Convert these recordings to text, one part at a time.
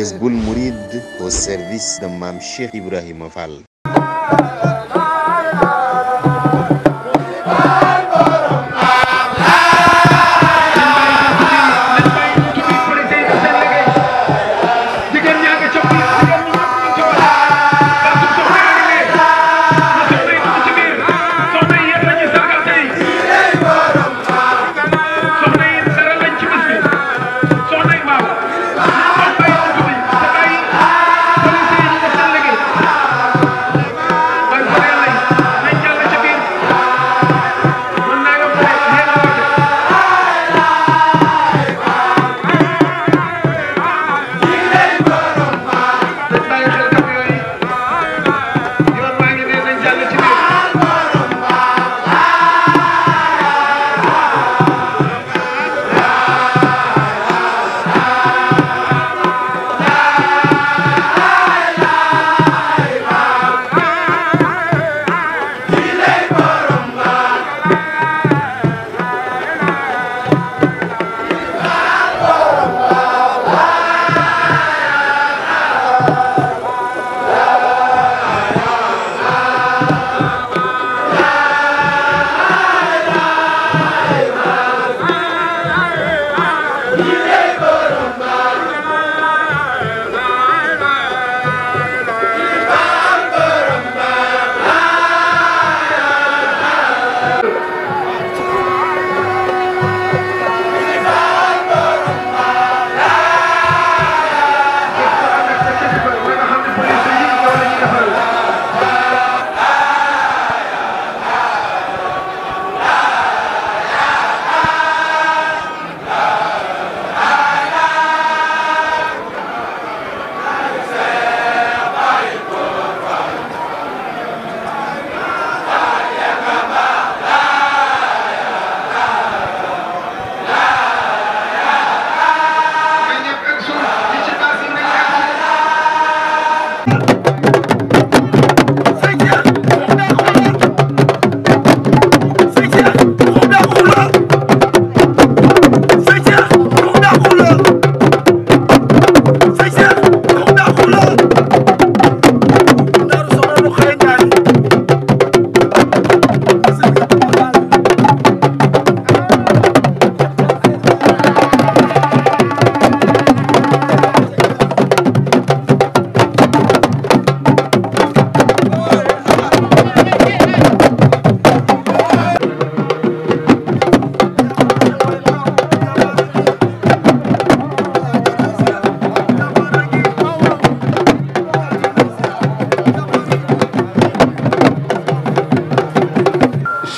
Jazboul Mouride au service de Mame Cheikh Ibrahima Fall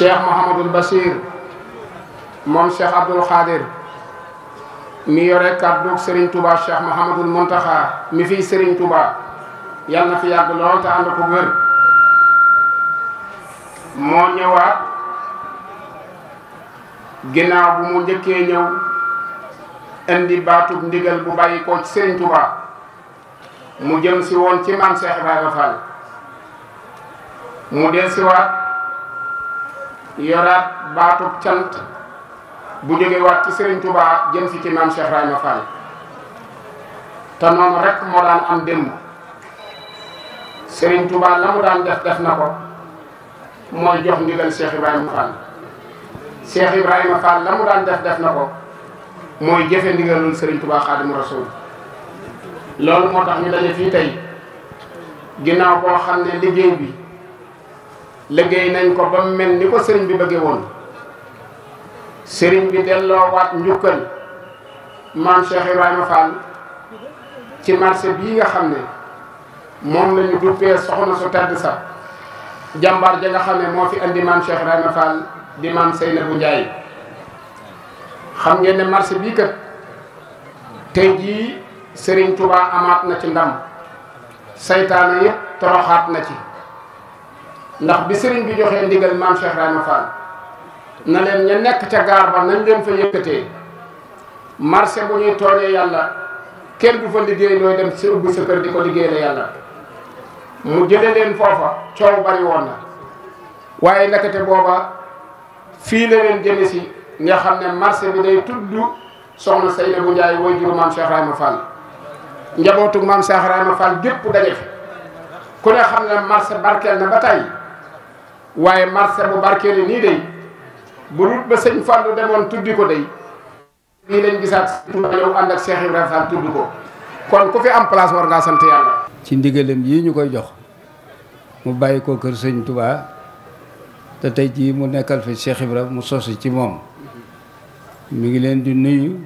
cheikh Mouhamadul Bachir moom cheikh Abdoul Khadir mi yore kàddu Serigne Touba cheikh Mouhamadul Mountakha mi fii sëriñ tubaa yàlla na fi yàgg lool te ànd ko wér moo ñëwaat ginnaaw bu mu njëkkee ñëw indi baatub ndigal bu bàyyi ko ci Serigne mu jëm si woon ci man Cheikh Ibrahima Fall mu del si waat yoraat baatub cant bu jóge waat ci Serigne Touba jëm si ci maam Cheikh Rahima Fall te noonu rek moo daan am démb Serigne Touba la mu daan def def na ko mooy jox ndigal Cheikh Ibrahima Fall Cheikh Ibrahima Fall la def na ko mooy jëfe ndigalul Serigne Touba Xaadimu Rasuul loolu moo tax ñu daje fii tey ginnaaw boo xam ne liggéey bi. liggéey nañ ko ba mu mel ni ko sëriñ bi bëggee woon sëriñ bi delloo waat njukkal maam Cheikh Ibrahima Fall ci marché bii nga xam ne moom la ñu duppee soxna su tedd sax jàmbaar ja nga xam ne moo fi indi maam Cheikh Ibrahima Fall di maam Seynabou Ndiaye xam ngeen ne marché bii kat tey jii sëriñ Touba amaat na ci ndam saytaane yi toroxaat na ci. ndax bi sëriñ bi joxee ndigal maam Cheikh Rahma Fall na leen ña nekk ca gaar ba nañ leen fa yëkkatee marché bu ñuy tooñee yàlla kenn du fa liggéey looy dem si ubbi sa di ko liggéey la yàlla mu jële leen foofa coow bari woon waaye nakate booba fii la leen jële si nga xam ne marché bi day tudd soxna Seynabou leen woy juru maam Cheikh Rahma Fall njabootug maam Cheikh Rahma Fall gépp daje fi ku ne xam ne marché barkeel na ba tey waye marché bu barkeelu ni day bu rut ba sëñ fallu demone tuddi ko day ni lañu gisaat yow and ak Cheikh ibrahim sall tuddi ko kon ku fi am place war nga sante yalla ci ndigeelam yi ñukoy jox mu bayiko ko kër Touba te tay ji mu nekkal fi Cheikh ibrahim mu sosi ci mom mi ngi len di nuyu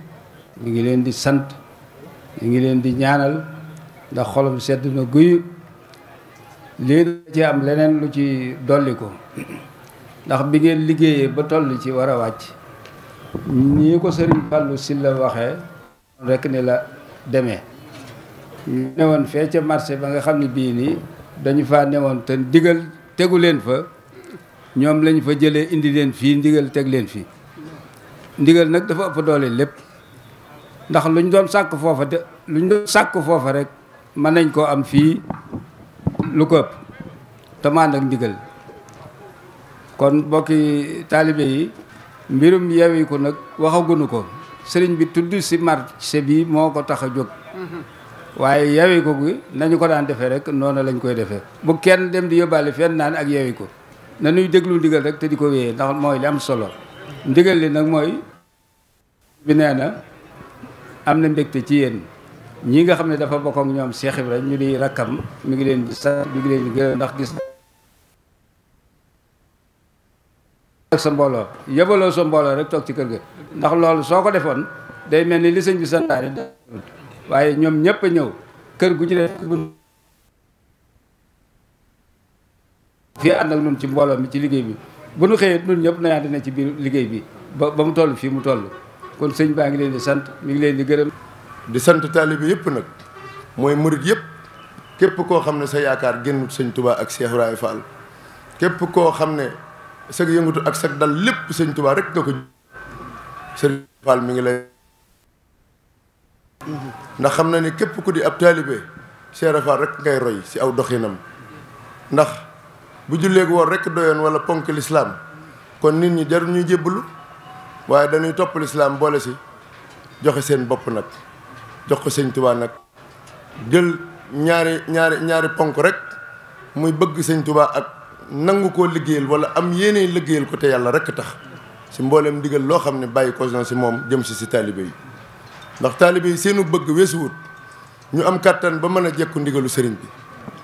mi ngi len di sant mi ngi len di ñaanal ndax xolam sedd na guyu lii da ci am leneen lu ci dolli ko ndax bi ngeen liggéeyee ba toll ci war a wàcc nii ko sëriñ Fallou Sylla waxee rek ni la demee ne woon fee ca marché ba nga xam ne bii nii dañu faa newoon te ndigal tegu leen fa ñoom lañu fa jëlee indi leen fii ndigal teg leen fii ndigal nag dafa ëpp doole lépp ndax luñ doon sàkk foofa de luñ doon sàkk foofa rek mën nañ koo am fii lu ko ëpp te ak ndigal kon bokki taalibe yi mbirum yeewi ko nag waxagunu ko sëriñ bi tudd si marché bi moo ko tax a jóg waaye yeewi ko gi nañu ko daan defee rek noonu lañ koy defee bu kenn dem di yóbbaale fenn naan ak yeewi ko na ñuy déglu ndigal rek te di ko wéyee ndax mooy li am solo ndigal li nag mooy bi nee na am na mbégte ci yéen ñii nga xam ne dafa bokk ak ñoom Cheikh Ibra ñu di rakkam mu ngi leen di sant mi ngi leen di gërëm ndax gis ak sa mbooloo yëbaloo sa mbooloo rek toog ci kër ga ndax loolu soo ko defoon day mel ni li sëñ bi santaane waaye ñoom ñëpp ñëw kër gu ci def fii ànd ak nun ci mbooloo mi ci liggéey bi bu nu xëyee nun ñëpp nañu ànd ci biir liggéey bi ba ba mu toll fii mu toll kon sëñ baa ngi leen di sant mi ngi leen di gërëm di sant taalibe yëpp nak moy murit yëpp képp ko xam ne sa yaakaar gennu seigne touba ak Cheikh Ibrahima Fall képp ko xam ne sa yëngutu ak sa dal lépp seigne touba rek nga ko Fall mi ngi lay ndax xamna ni képp ku di ab talibé Cheikh Ibrahima Fall rek ngay roy si aw doxinam ndax bu ko woor rek doyon wala ponk l'islam kon nit ñi jarul ñu jébbalu waye dañuy top l'islam bolé si joxe seen bop nak jox ko sëñ Tuubaa nag jël ñaari ñaari ñaari ponk rek muy bëgg sëñ Tuubaa ak nangu koo liggéeyal wala am yeneen liggéeyal ko te yàlla rek tax si mbooleem ndigal loo xam ne bàyyi ko si moom jëm si si taalibe yi ndax taalibe yi seenu bëgg weesuwut ñu am kàttan ba mën a jekku ndigalu bi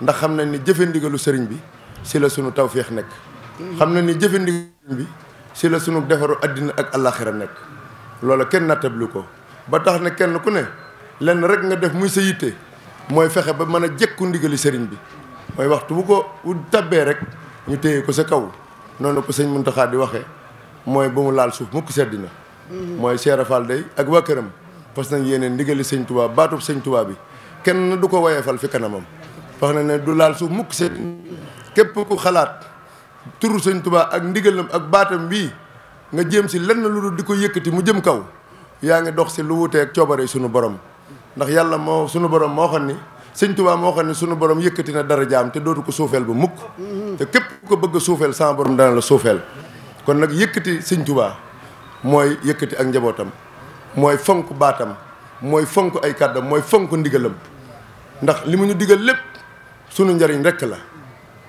ndax xam nañ ni jëfe ndigalu sëriñ bi si la sunu tawféex nekk xam nañ ni jëfe ndigalu sëriñ bi si la sunu defaru àddina ak àllaaxira nekk loola kenn nattablu ko ba tax ne kenn ku ne lenn rek nga def muy sa yitte mooy fexe ba mën a jekku ndigali sëriñ bi mooy waxtu bu ko u tabbee rek ñu téye ko sa kaw noonu ko sëñ Muntaxa di waxee mooy ba mu laal suuf mukk sedd mooy Cheikh Fall ak waa këram parce que yéeneen ndigali sëñ Tuubaa baatub sëñ Tuubaa bi kenn du ko woyefal fi kanamam wax na ne du laal suuf mukk sedd képp ku xalaat turu sëñ Tuubaa ak ndigalam ak baatam bii nga jéem si lenn lu dul di ko yëkkati mu jëm kaw yaa ngi dox si lu wuteeg coobare sunu borom ndax yàlla moo sunu borom moo xam ni sëñ Tuubaa moo xam ne sunu borom yëkkati na dara jaam te dootu ko suufeel bu mukk te képp ko bëgg a suufeel sama borom dana la suufeel kon nag yëkkati sëñ Tuubaa mooy yëkkati ak njabootam mooy fonk baatam mooy fonk ay kàddam mooy fonk ndigalam ndax li mu ñu digal lépp sunu njariñ rekk la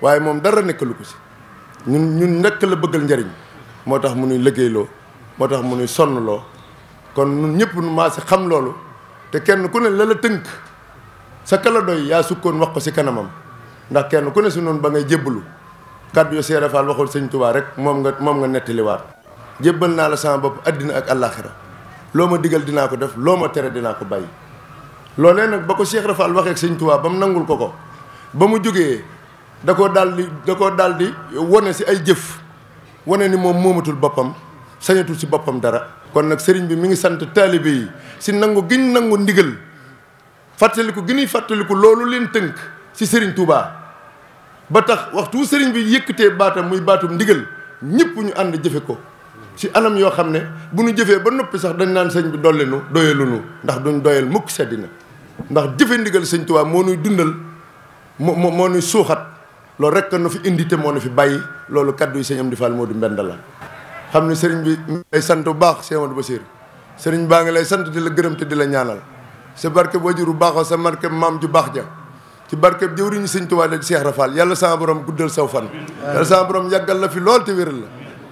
waaye moom dara nekkalu ko si ñun ñun rekk la bëggal njariñ moo tax mu nuy liggéeyloo moo tax mu nuy sonnloo kon ñun ñëpp nu maa xam loolu te kenn ku ne la tënk sa kala doy yaa sukkoon wax ko si kanamam ndax kenn ku ne si noonu ba ngay jébbalu kàddu yo Seere waxul sëñ Tuubaa rek moom nga moom nga nettaliwaat jébbal naa la sama bopp àddina ak àllaaxira loo ma digal dinaa ko def loo ma tere dinaa ko bàyyi loolee nag ba ko Cheikh Rafal waxee ak sëñ Tuubaa ba mu nangul ko ko ba mu jógee da ko daal da koo daal di wane si ay jëf wane ni moom moomatul boppam sañatul si boppam dara kon nag sëriñ bi mu ngi sant taalibe yi si nangu giñ nangu ndigal fàttaliku gi ñuy fàttaliku loolu leen tënk si sëriñ Touba. ba tax waxtu sëriñ bi yëkkatee baatam muy baatum ndigal ñëpp ñu ànd jëfe ko ci anam yoo xam ne bu ñu jëfee ba noppi sax dañ naan sëñ bi dolli nu doyalu nu ndax duñ doyal mukk seddi na ndax jëfe ndigal sëñ Touba moo nuy dundal moo moo moo nuy suuxat loolu rek nu fi indi te moo nu fi bàyyi loolu kàddu yi sëñ Amdi moo di mbend la xam ne sëriñ bi ay sant bu baax Cheikh ba Bassir sëriñ baa ngi lay sant di la gërëm te di la ñaanal sa barke wajur bu baax sa barke maam ju baax ja ci barke jëwriñu sëñ Tuubaa la seex Rafal yàlla sama borom guddal sa fan yàlla sama borom yàggal la fi lool te wéral la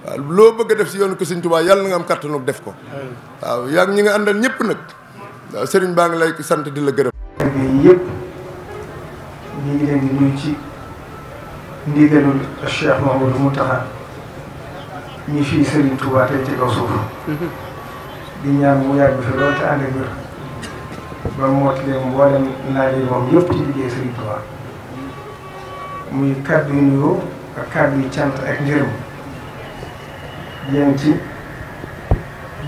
waaw loo bëgg a def si yoon ko sëñ Tuubaa yàlla nga am kattanu def ko waaw yaa ñi nga àndal ñëpp nag waaw sëriñ baa ngi lay sant di la gërëm yëpp ñu ngi leen di nuyu ci ndigalul ñi fii Serigne Touba tey ci kaw suuf di ñaan mu yàgg fi loolu te ànd ak wér ba mootali mboolem naaj yi moom yëpp ci liggéey Serigne Touba muy kàddu yu nuyoo ak kàddu yu cant ak njëriñ yéen ci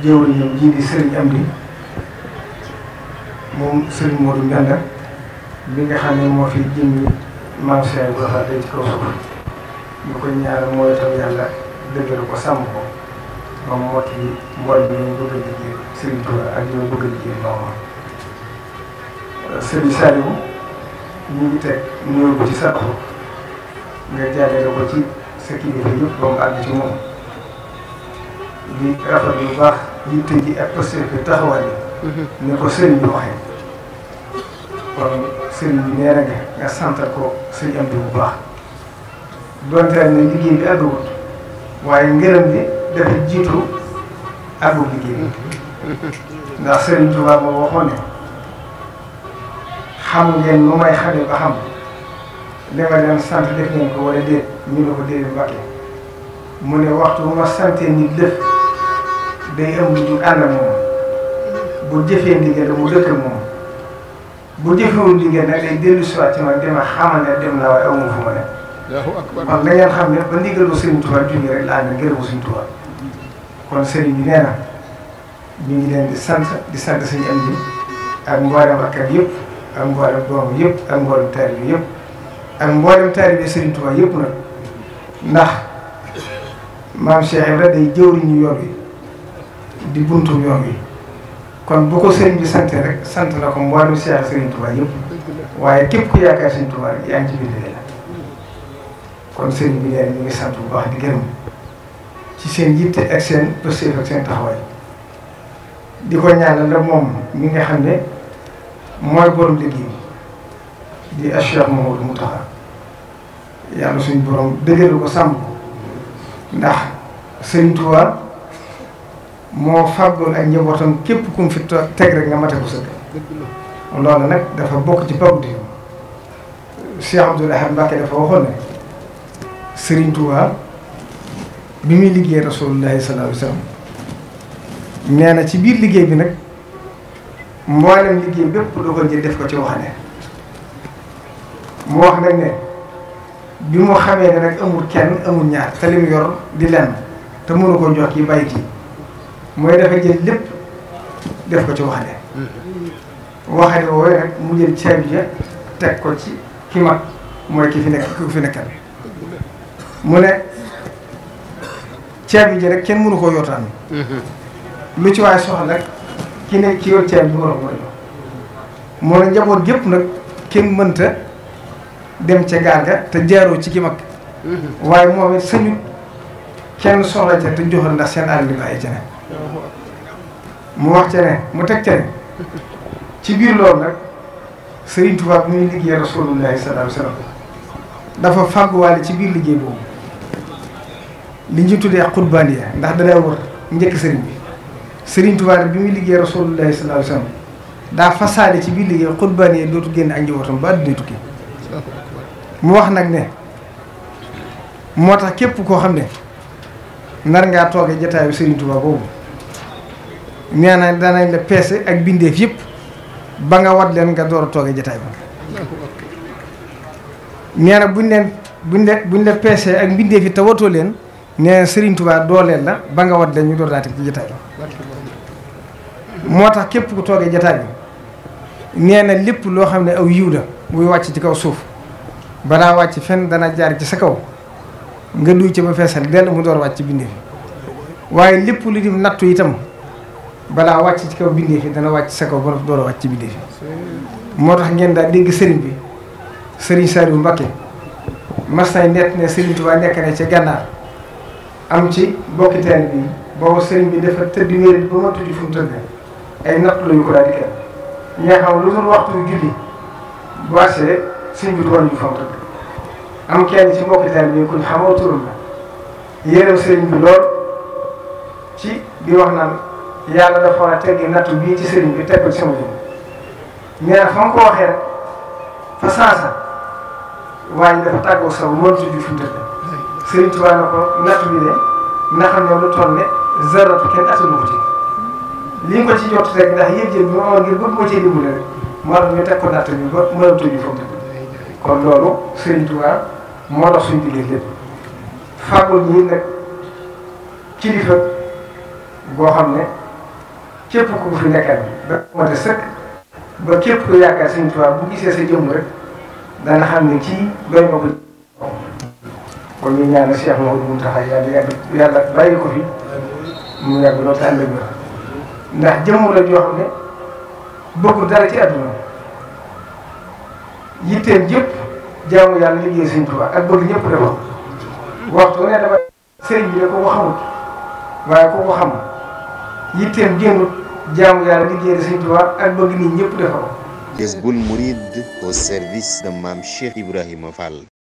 jëwriñam ji di Serigne Amdi moom Serigne Modou Mbenda bi nga xam ne moo fi jëmmi maam Cheikh Ibrahima tey ci kaw suuf ñu ko ñaanal mooy taw yàlla. dëggal ko sàmm ko ba mu moti mbool bi ñu bëgg a liggéey Serigne Touba ak ñu bëgg liggéey noonu Serigne Saliou ñu ngi teg ñëw bu ci sàkku nga jàllale ko ci sa kilifa yëpp ba mu àgg ci moom di rafetlu bu baax yitte ji ak posture bi taxawaay yi. Mhm. ne ko Serigne bi waxee kon Serigne bi nee nga nga santal ko sëñ am bi bu baax donte ne liggéey bi àggagut. waaye ngërëm bi dafa jiitu ak bu liggéey ndax Serigne Touba ba waxoon ne xam ngeen nu may xamee ba xam li ma leen sant def ngeen ko wala ñu ne ko déedéet Mbàkke mu ne waxtu bu ma santee nit lëf day am lu ànd ak moom bu jëfee ndigal mu dëkk moom bu jëfewul ndigal nag day dellu si waat ci man dama xamal ne dem waaye amu fu ma kon na ngeen xam ne ba ndigal bu Serigne Touba jógee rek laa ngeen gërëmu Serigne Touba kon Serigne bi nee sant di sant Serigne am bi ak mboolem akkat yëpp ak mboolem doom yëpp ak mboolem taalibe yëpp ak mboolem taalibe Serigne Touba yëpp nag ndax maam Cheikh Ibra day jëwriñu yoon wi di buntu yoon yi kon bu ko Serigne bi sante rek sant na ko mboolem Cheikh Serigne Touba yëpp waaye képp ku yaakaar Serigne Touba yaa ngi ci bind kon sëriñ bi nee ngi sant bu baax di gërëm seen yitte ak seen pëstéef ak seen taxawaay di ko ñaanal la moom mi nga xam ne mooy borom liggéey di Cheikh mu Mountakha yàlla suñu borom dëgëral ko sàmm ko ndax sëriñ Tuubaa moo fàggoon ak njabootam képp kum fi teg rek nga mate ko sëkk loolu nag dafa bokk ci pàggu di Cheikh Abdoul Ahad Mbacké dafa waxoon ne Serigne Touba bi muy liggéey rasulullahi sallallahu alayhi wasallam nee na ci biir liggéey bi nag mboolem liggéey bépp da ko jël def ko ci wax ne mu wax nag ne bi mu xamee ne nag amul kenn amul ñaar te li mu di lenn te mënu ko jox yi bàyyi kii mooy dafa jël lépp def ko ci waxane waxane woowee nag mu jël ceeb ja teg ko ci ki mag mooy ki fi nekk ki ko fi nekkal mu ne ceeb ji rek kenn mënu koo yootaan mhm. lu ci waay soxla nag ki nekk ki yor ceeb bi war a moo ne njaboot gépp nag kenn mënta dem ca gaal ga te jaaroo ci ki mag mhm. waaye moom it sañut kenn soxla ca te joxal ndax seen àll bi ay cene mu wax ca mu teg ca ci biir lool nag Sëriñ Tuubaa bi muy liggéey Rasulullaahi sallallaahu alayhi wa sallam dafa ci biir liggéey boobu li ñu tuddee xutbaaniya ndax danay wër njëkk sëriñ bi sëriñ Tuubaa bi muy liggéey rasulullahi sallallahu alayhi wa sallam daa fasaale ci biir liggéey xutbaaniya dootu génn ak njabootam ba àdduna tukki mu wax nag ne moo tax képp koo xam ne nar ngaa toogee jataayu sëriñ Tuubaa boobu nee na danañ la peese ak bindeef yëpp ba nga wat leen nga door a toogee jataay ba nee na buñ leen buñ la buñ la peese ak bindeef yi te watoo leen nee Serigne Touba dooleel la ba nga wat leen ñu door daati ci jataay moo tax képp ku toogee jataay bi nee na lépp loo xam ne aw yiw la muy wàcc ci kaw suuf balaa wàcc fenn dana jaar ci sa kaw nga duy ci ba feesal dell mu door wàcc bindee fi waaye lépp lu di nattu itam balaa wàcc ci kaw bindee fi dana wàcc sa kaw ba door a wàcc ci bindee fi moo tax ngeen daal dégg Serigne bi Serigne Saliou Mbacké mas nay nett ne Serigne Touba nekk na ca gànnaar am ci bokki teen bi boo sëriñ bi dafa tëdd wéerit ba ma tuddi fu mu tëdd ay natt lañu ko daal di kenn lu dul waxtu julli bu àgsee sëriñ bi du wan ju fa mu tëdd am kenn ci mbokki teen bi kuñ xamoo turam la yéeram sëriñ bi lool ci di wax naan yàlla dafa war a teggi nattu bii ci sëriñ bi teg ci sama jëm ñee fa mu ko waxee rek fa sansa waaye dafa tàggoo saw mëntu ju fi mu tëdd Sëriñ Tuubaa ko nattu bi ne na xam ne lu toll ne zaratu kenn attanu ko ci li nga ko ci jot rek ndax yëg-yëg bi ñu teg ko natt bi ba mënatu ñu foofu kon loolu Sëriñ Tuubaa moo dox suñu diggante xam ne képp ku fi nekkal ba mate sëkk ba képp ku yaakaar Sëriñ Tuubaa bu gisee sa jëmm rek dana xam ne kii doy ma ko kon ñu ñaanal Cheikh Mouhamadou Mountakha yàlla yàgg yàlla bàyyi ko fi mu yàgg lool te ànd ak ndax jëmm la joo xam ne bëgg dara ci àdduna yitteem yëpp jaamu yàlla liggéey Sëriñ Tuubaa ak bëgg ñëpp defal waxtu ko xamut waaye ku service de Mame Cheikh Ibrahima Fall.